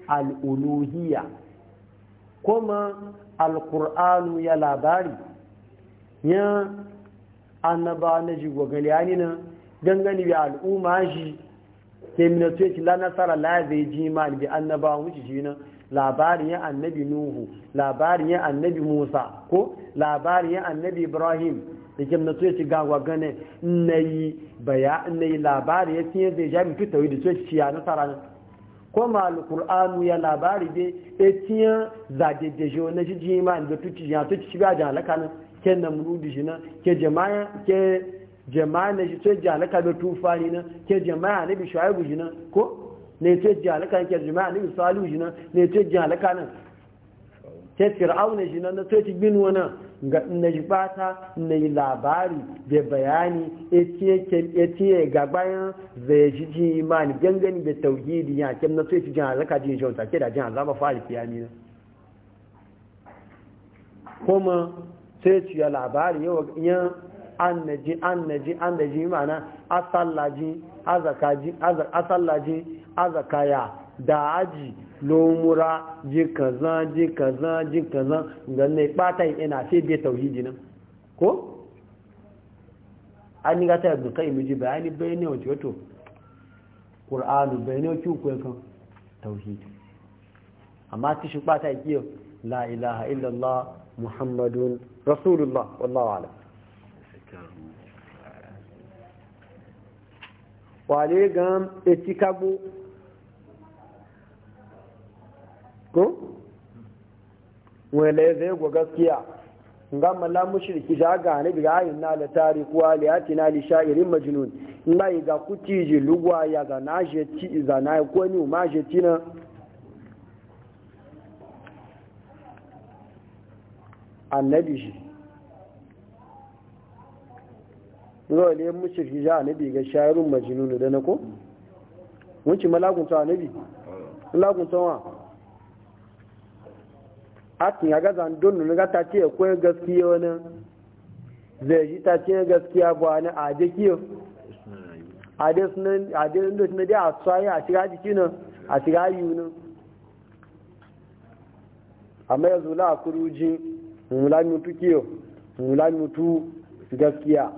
al'uluhiyya kuma al'ur'anu ya labari ya annaba na jigwagali yanina dangane bi al'umma shi ke minatoci la nasara la zai ji ma bi annaba wuce shi nan labarin ya annabi nuhu labari ya annabi musa ko labarin ya annabi ibrahim ikin na ya ci gawa gane na yi labari ya tiye zai jami fi tawhidi tsoye ci ya nasara ne ko ma alkur'anu ya labari dai ya tiye zadejeje na shi jima da tuci ya tuci shi biya jalaka nan ke na da shi na ke jama'a ke jama'a na shi tsoye jalaka da tufani na ke jama'a na bi shu'aibu shi na ko ne tsoye jalaka ke jama'a na bi salihu shi nan ne tsoye jalaka na sai fir'auna shi nan na ci bin wani ga na yi bata na yi labari da bayani etiye ga bayan zai ji ji imani gangani da tauhidi ya kem na to ci jin halaka jin shi wata ke da jin azaba fari kiyami na kuma sai ci ya labari yan an na ji an na ji an na ji mana asallaji azakaji azakaya da aji lomura ji kaza ji kaza ji kaza ganne bata ina sai bai tauhidi nan ko an ni gata ibn qayyim miji bayani bayani wato wato qur'anu bayani ki ku kan tauhidi amma ti shi bata kiyo la ilaha illa allah muhammadun rasulullah wallahu a'lam wale gam ko wanda ya zai ga gaskiya nga mala mushriki da ga ne biga ayin na la tariku wa li atina li sha'irin majnun nga ga kuti ji lugwa ya ga na je ti za na ko ni ma je ti na annabi shi zo ne mushriki ja annabi ga sha'irin majnun da na ko mun ci malakunta annabi malakunta wa hatin ya gaza don nuna gata ta ce ko gaskiya wani zai shi ta ce gaskiya bu wani a je kiyo a je sunan a je inda sunan dai a tsaye a shiga jiki nan a shiga yiwu nan amma zula a kuruji mula mutu kiyo mula mutu gaskiya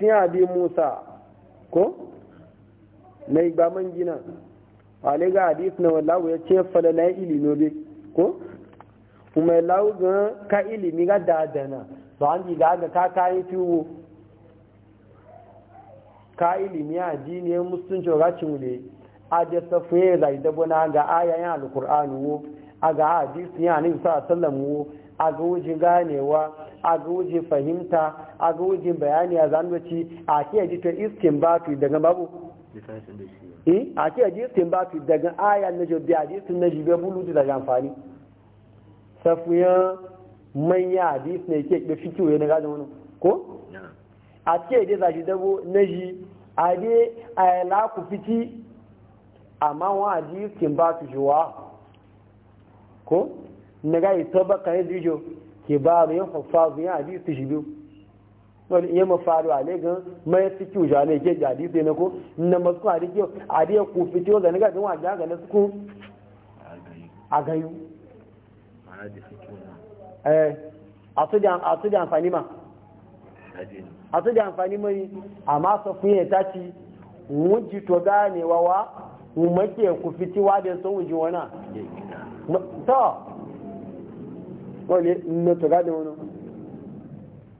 ya adi musa ko na igba man gina wale ga hadis na wallahu ya ce fala na ilimi be ko kuma lawo ga ka ilimi ga dadana ba an ga ga ka kayi tuwo ka ilimi a diniyar musulunci ga cinule a da safiye zai na ga ayayen alkur'ani wo a ga hadisi ya ne sa sallam wo a ga wuji ganewa a ga wuji fahimta a ga wuji bayani a zanwaci a ke ji ta iskin batu daga babu eh a ce hadisin ba su daga aya na jobi hadisin na jibe bulu daga amfani safiyan manya hadis na ke da fikiyo ya naga gane wani ko a ce dai zashi dabo na ji a dai a yala ku fiti amma wa hadisin ba su jiwa ko naga ga ita baka ya zijo ke ba mu yin hufazu ya hadisi shi biyu wani iya mafaru a ne gan mai fiki uja ne ke jadi sai na ko na masu a rike a rike ku fiki wa zane gajin wajen ga na suku a gayu eh, a su da amfani ma a da amfani mai a masa kuye ta ci wujji to ganewa wa umake ku fiti wa da sun wujji wana to wani na to gane wani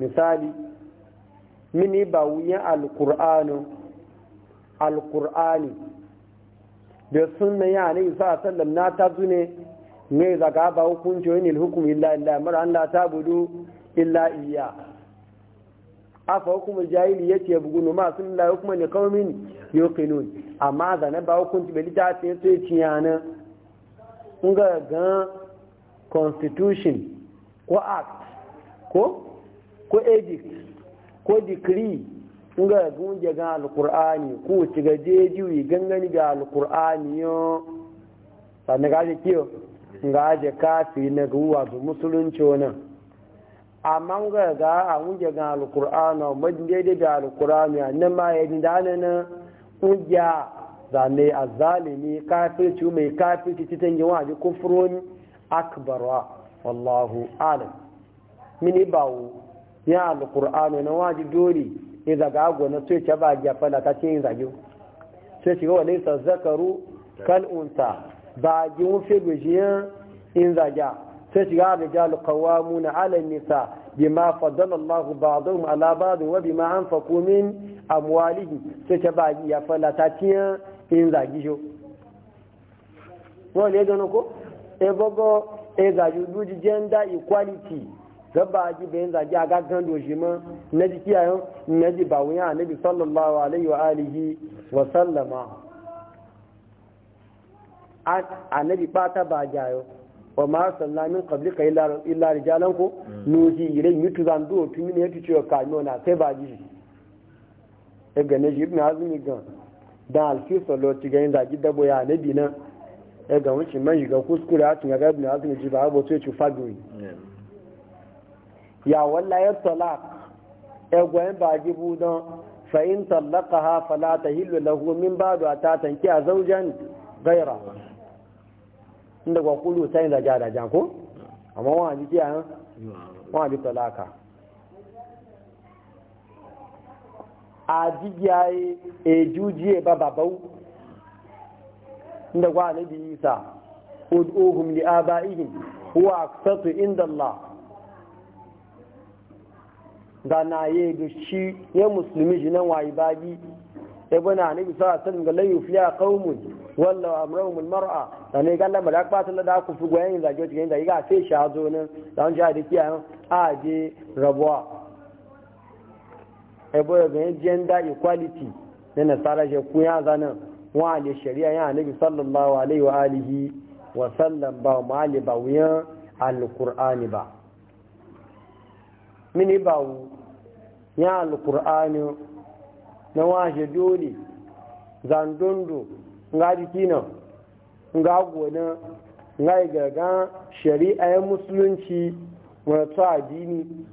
misali mini ba wuya alkur'ani alkur'ani da sunna ya ne isa sallam na ta zune ne zaga ba hukunci wani hukum illa illa mara Allah ta budu illa iya afa hukumar jahili ya ce bugu ma sun la hukuma ne Yau yuqinun amma zane ba hukunci bai ta ce sai ciyana kun ga constitution ko act ko ko edict ko decree sun ga gunje ga alqur'ani ko ci ga jejiwi gangani ga alqur'ani yo sannan ga kiyo ga aje kafi na ruwa bu musulunci wannan amma ga ga a gunje ga alkur'ani ma daidai ga alqur'ani ne ma ya dinda nan kungiya zane a zalimi kafirci mai tan cikin wa ji kufrun akbara wallahu alam mini bawo ya alƙur'ani na waji dole in zaga agwa na sai ce ba gyafa da ta ce yin zage sai shiga wa nisa zakaru kal'unta ba gi mun fi gujiyan in zage sai shiga rijalu qawwamuna 'ala an-nisa bima faddala Allahu ba'dahum 'ala ba'd wa bima anfaqu min amwalihi sai ce ba gi ya fala ta ce in zage jo wọ́n lè dánú kó ẹgbọ́gọ́ ẹgbàjú lójú gender equality gaba ji bayan zage a gaggan doshi ma na ji kiyayen na ji ba wuya na annabi sallallahu alaihi wa alihi wa sallama annabi bata ba jayo wa ma sanna min qablika illa rijalan ku mm. nuji ire mitu zan do tumi ne tu ciwo ka nona sai ba ji e ga ne ibn azmi ga da alfi sallati ga inda gidda boya annabi nan e ga wuce man shiga kuskure a tun ga ibn azmi ji ba abu sai ci fagwi ya wallahi talaq e gwayin ba ji don fa in talaqaha fala tahillu lahu min ba'du ta tanki azwajan ghayra inda ga kulu sai da da jan ko amma wa ji kiyan wa ji talaka a jiyaye e jujiye ba babau inda gwa nabi isa ud'uhum li abaihim huwa aqsatu inda allah da na ye ga shi ya musulmi shi nan wayi bagi ya bana ne bisa a sanin ga layu fiya kaumun wallah amrahum almar'a da ne gallan ba da ba ta da ku fugo yayin zage yin da ga sai shi azo nan da an ja da kiyaye a je rabuwa e boye ga gender equality ne na sara je ku ya zanan wa ne shari'a ya nabi sallallahu alaihi wa alihi wa sallam ba ma le ba wuyan alqur'ani ba mini ba wu ya alkur'ani na washe dole zandondo nga jikina nga gona nga gaga shari'a ya musulunci wata adini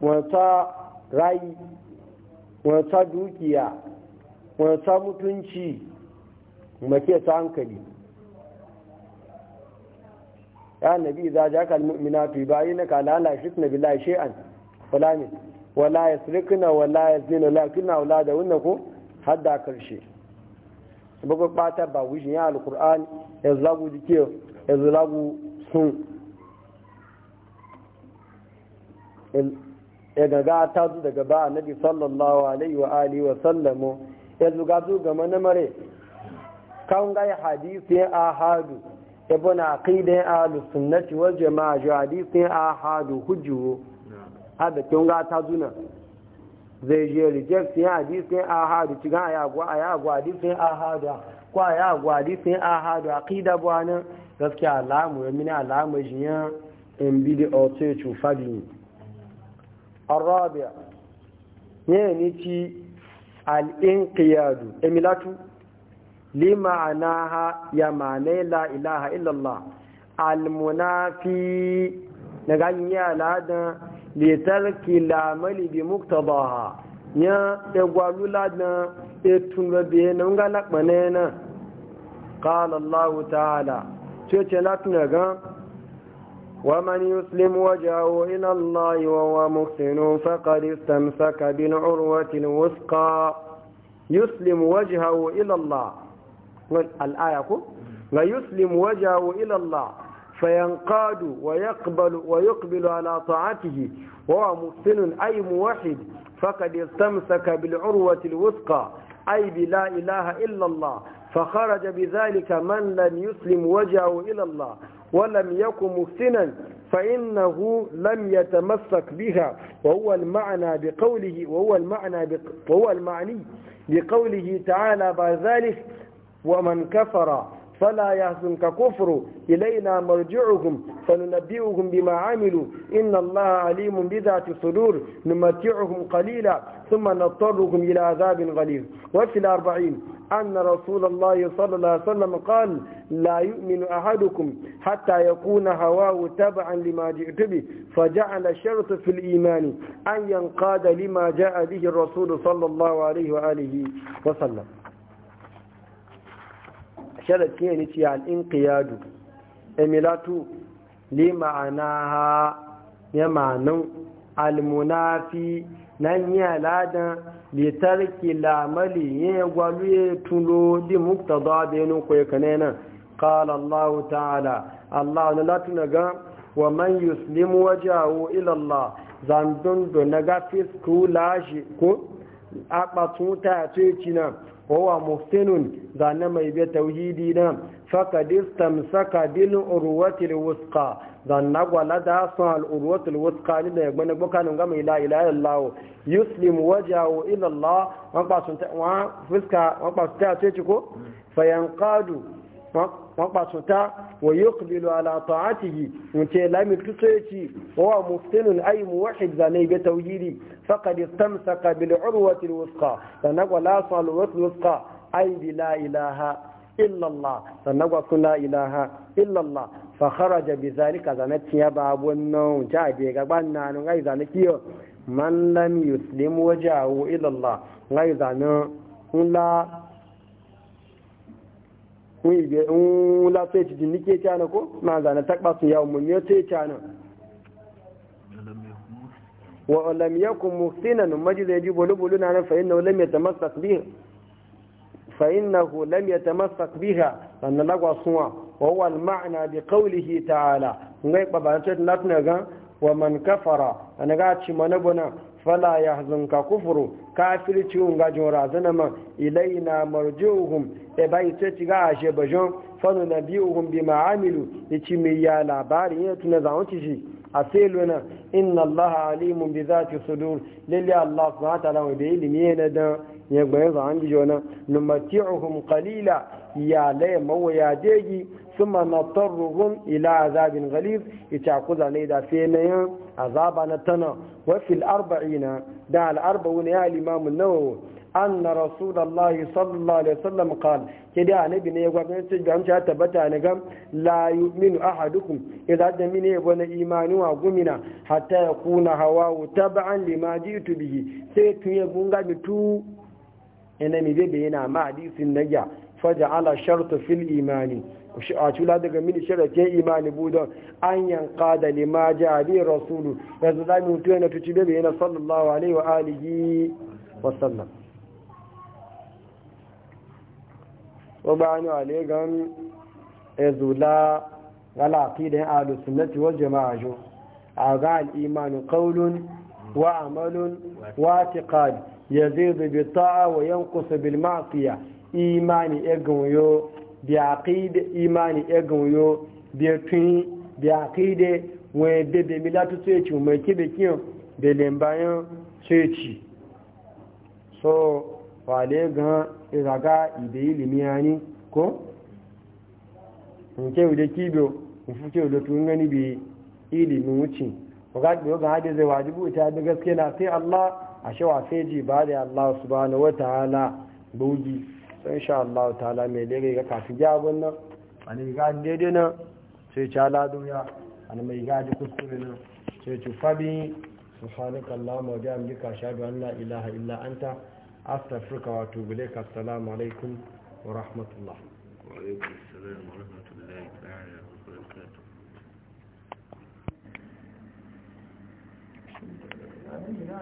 wata rai, wata dukiya wata mutunci make ta hankali ya nabi za ja kalmu'mina fi bayyana ka na bila shay'an falamin wala ya sirikina wala ya zina lakina wala da wannan ko har da karshe bakwai ɓata ba wujin ya alkur'an ya zagu jike ya zagu sun ya gaga ta zu daga ba nabi sallallahu alaihi wa alihi wa sallamu ya zuga zu ga manamare kan ga hadisi ahadu ibn aqidah ahlus sunnati wal jamaa hadisi ahadu hujju hada kin ga ta zuna zai je reject ya hadisin ahadu cikin a yagwa a yagwa hadisin ahadu ko a yagwa hadisin ahadu aqida bu anan gaskiya alamu ya mini alamu jiyan in bidi auto ya cufa biyu arabiya ne ni ci al'inqiyadu emilatu li ma'anaha ya ma'anai la ilaha illallah almunafi na ganyen al'adan litarki lamali bi muktabaha ya egwalula na etunga biye na nga lakmane na qala allah ta'ala cece latna ga ومن يسلم وجهه إلى الله وهو محسن فقد استمسك بالعروة الوثقى يسلم وجهه إلى الله الآية يسلم وجهه إلى الله فينقاد ويقبل ويقبل على طاعته وهو محسن أي موحد فقد استمسك بالعروة الوثقى أي بلا إله إلا الله فخرج بذلك من لم يسلم وجهه إلى الله ولم يكن محسنا فإنه لم يتمسك بها وهو المعنى بقوله وهو المعنى وهو المعني بقوله تعالى بعد ذلك ومن كفر فلا يحزنك كفر إلينا مرجعهم فننبئهم بما عملوا إن الله عليم بذات الصدور نمتعهم قليلا ثم نضطرهم إلى عذاب غليظ وفي الأربعين أن رسول الله صلى الله عليه وسلم قال لا يؤمن أحدكم حتى يكون هواه تبعا لما جئت به فجعل شرط في الإيمان أن ينقاد لما جاء به الرسول صلى الله عليه وآله وسلم sharafi ne ce ƙiyadu emilatu li ma'ana ha ya ma'anin almunafi nan yi aladan litarki lamali ya gwalu ya tulo di mukta da da yanin kane nan ƙala allah ta'ala Allah na latin ga wa man yuslimu wajawo ilallah zandun da na ga fiskula shi ko a ɓatun ta ce ci nan wa mufsinun zane mai biya tauhidi na fakadistam saka bilin urwatil wuska zanna gwala da sun al'urwatul wuska ni da ya gbani bukanin gama ila ila lawo yuslim wajawo ilallah wọn fuska kpasun ta ce ko fayankadu wọn pàṣọta wọ yóò kìlìlò àlàtọ̀ àti wọ́n muftinun ayi muwahid zane ibe tawhidi fakadi tamsaka bil urwatil bi la ilaha illallah sannan kwa sun la ilaha illallah فخرج بذلك زنت يا باب النوم جاء بيغا mun yi in lafiya ci jini ke cana ko na zane takba su yawon mun yi ce cana wa lam yakun muhsinan majlis yaji bulu bulu na fa innahu lam yatamassak biha fa innahu lam yatamassak biha anna lagwa suwa wa huwa al ma'na bi qawlihi ta'ala ngai baba ta latna ga wa man kafara anaga ci manabuna fala ya ka kufuru kafirci gajin wa razana ma ilaina marjuhum e bai ce ci ga ashe bajon fanu na biyu hun bi ma'amilu ya ci mai ya labari ya tuna za ci shi a na inna allaha alimun bi za ci sudur lalle allah su hata lawa da ilimi ya na dan ya gbayin zaun ji jona uhun kalila ya laye mawaya degi ma na tarruhun ila azabin ghalib ita kuza ne da fenayen azaba na tana وفي الأربعين دع الأربعون يا الإمام النووي أن رسول الله صلى الله عليه وسلم قال كده نبي ne gwa kan ce gam ta tabbata ne gam la yu'minu ahadukum idan da mine wani imani wa gumina hatta ya kuna hawa tab'an lima jitu bihi sai tuye gunga bitu ina mi bebe yana ma hadisin naja faja ala shartu fil imani a cula daga mini shirake imani budon an yanka da lima jari rasulu yanzu za mu mutu yana tuci bebe yana sallallahu alaihi wa alihi wa sallam wa ne alai gan ezula da ya alu sunnati wa jamaa jo a ga al kaulun wa amalun wa ya zai zubi ta'a wa yankusa bil imani egun yo bi aqida imani e gunyo bi tun bi aqida we de de milatu tsechi mu ke be kiyo de lembayo tsechi so wale gan iraga e ibe ilimi ani ko nke ude kibiyo mfuke ude tun gani bi ilimin wuce wakati yau ga hadi zai wajibu ita da gaske na sai Allah a shawa sai ji ba da Allah subhanahu wataala bugi so sha Allah ta'ala mai dare ga kafi jabun nan a ani ga daidai nan sai ci ala a ani mai gaji kuskure nan sai ci fabi subhanaka allahumma wa bihamdika ashhadu an la ilaha illa anta astaghfiruka wa atubu ilaik assalamu alaikum wa rahmatullah wa alaikum assalam wa rahmatullahi wa barakatuh